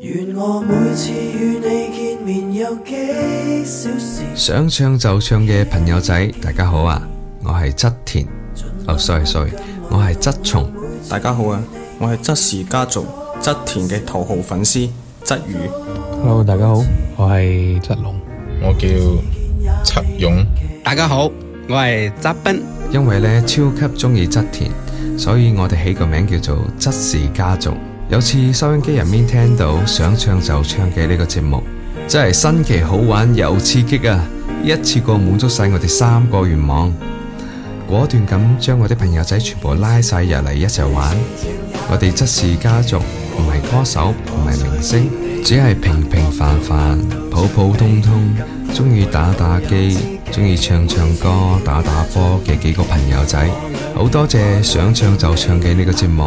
願我每次與你見面有幾小時，想唱就唱嘅朋友仔，大家好啊！我係側田，oh, sorry, sorry, 我衰衰，我係側松，大家好啊！我係側氏家族側田嘅頭號粉絲側宇。Hello，大家好，我係側龍，我叫側勇。大家好，我係側斌。因為呢超級鍾意側田，所以我哋起個名叫做側氏家族。有次收音機入面聽到想唱就唱嘅呢個節目，真係新奇好玩又刺激啊！一次過滿足晒我哋三個願望，果斷咁將我啲朋友仔全部拉晒入嚟，一齊玩。我哋側氏家族，唔係歌手，唔係明星，只係平平凡凡、普普通通，中意打打機、中意唱唱歌、打打波嘅幾個朋友仔。好多謝想唱就唱嘅呢個節目。